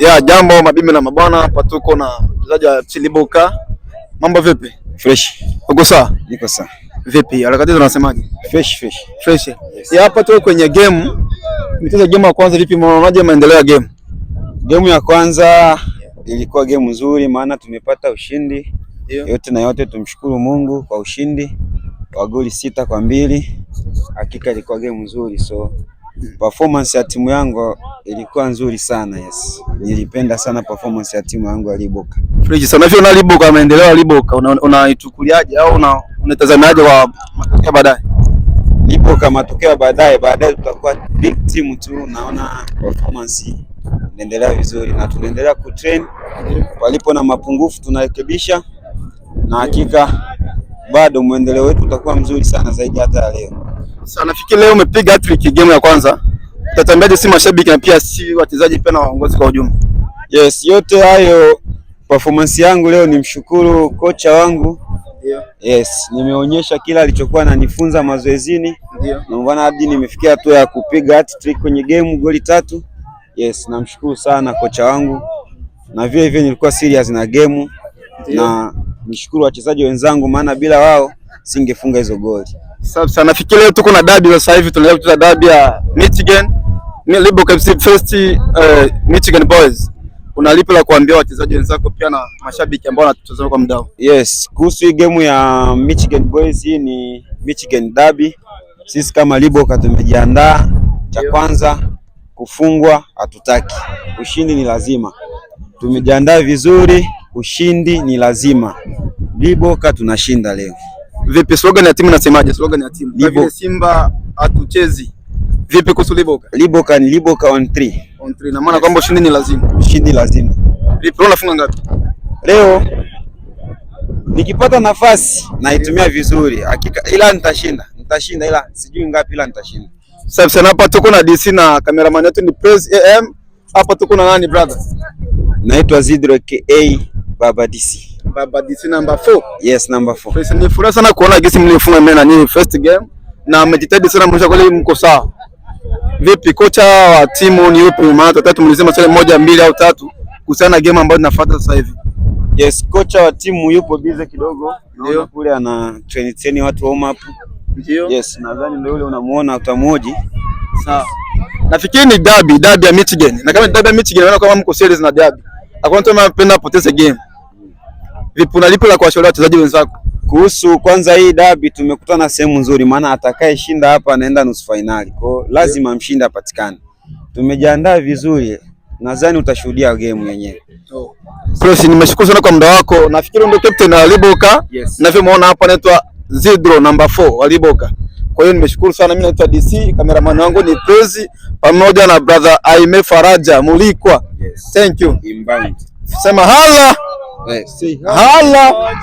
Ya jambo mabibi na mabwana, hapa tuko na mchezaji wa FC Liboka. Mambo vipi? Fresh. Uko sawa? Niko sawa. Vipi? Harakati zinasemaje? Fresh fresh. Fresh. Yes. Ya hapa tuko kwenye game. Mchezo game ya kwanza vipi, Mwanaje maendeleo ya game? Game ya kwanza ilikuwa game nzuri maana tumepata ushindi. Yeah. Yote na yote tumshukuru Mungu kwa ushindi wa goli sita kwa mbili. Hakika ilikuwa game nzuri so hmm. performance ya timu yangu ilikuwa nzuri sana yes. Nilipenda sana performance ya timu yangu ya Liboka. Friji sana hivyo na Liboka ameendelea ya Liboka unaichukuliaje una, au una, unatazamaje kwa matokeo baadaye? Liboka matokeo baadaye, baadaye tutakuwa big team tu, naona performance inaendelea vizuri na tunaendelea ku train palipo na mapungufu tunarekebisha, na hakika bado mwendeleo wetu utakuwa mzuri sana zaidi hata leo. Sasa nafikiri leo umepiga hattrick game ya kwanza tutatembeaje si mashabiki na pia si wachezaji pia na waongozi kwa ujumla. Yes, yote hayo performance yangu leo ni mshukuru kocha wangu. Ndio. Yes, nimeonyesha kila alichokuwa ananifunza mazoezini. Ndio. Na mbona hadi nimefikia hatua ya kupiga hat-trick kwenye game goli tatu. Yes, namshukuru sana kocha wangu. Na vile vile nilikuwa serious na game na nishukuru wachezaji wenzangu maana bila wao singefunga hizo goli. Sasa nafikiri leo tuko na dabi sasa hivi tunaenda kucheza dabi ya Michigan Ndio. First, uh, Michigan Boys una lipi la kuambia wachezaji wenzako pia na mashabiki ambao wanatutazama kwa mdao? Yes, kuhusu hii game ya Michigan Boys, hii ni Michigan Derby. Sisi kama Liboka tumejiandaa, cha kwanza kufungwa hatutaki, ushindi ni lazima. Tumejiandaa vizuri, ushindi ni lazima. Liboka tunashinda leo. Vipi slogan ya timu inasemaje? Slogan ya timu Simba hatuchezi Vipi kuhusu Liboka? Liboka ni Liboka on 3. On 3. Na maana kwamba ushindi ni lazima. Ushindi lazima. Vipi leo unafunga ngapi? Leo nikipata nafasi naitumia vizuri. Hakika ila nitashinda. Nitashinda ila sijui ngapi ila nitashinda. Safi sana hapa tuko na DC na cameraman wetu ni Praise AM. Hapa tuko na nani brother? Naitwa Zidro KA Baba DC. Baba DC number 4. Yes, number 4. Praise, furaha sana kuona gesi mlifunga mimi na nyinyi first game na mmejitahidi sana mwisho kweli mko sawa. Vipi, kocha wa timu ni yupi? Maana tatu mlisema swali moja mbili au tatu kuhusiana na game ambayo tunafuata sasa hivi. Yes, kocha wa timu yupo bize kidogo, ndio kule ana train train watu warm up. Ndio. Yes, nadhani ndio yule unamuona utamuoji. Sawa. Nafikiri ni dabi, dabi ya Michigan. Na kama dabi ya Michigan naona kama mko series na dabi. Hakuna mtu anapenda apoteze game. Vipi, unalipo la kuwashauri wachezaji wenzako? kuhusu kwanza hii dabi tumekutana sehemu nzuri, maana atakayeshinda hapa anaenda nusu fainali, kwa lazima mshindi apatikane. Tumejiandaa vizuri, nadhani utashuhudia game yenyewe. Prof, oh. nimeshukuru sana kwa muda wako. Nafikiri ndio captain Aliboka, yes. Ninavyomuona hapa anaitwa Zidro number 4 Aliboka. Kwa hiyo nimeshukuru sana, mimi naitwa DC, cameraman wangu ni Prezi pamoja na brother Aime Faraja Mulikwa. Yes. Thank you. Inbound. Sema hala. Yes. Hala.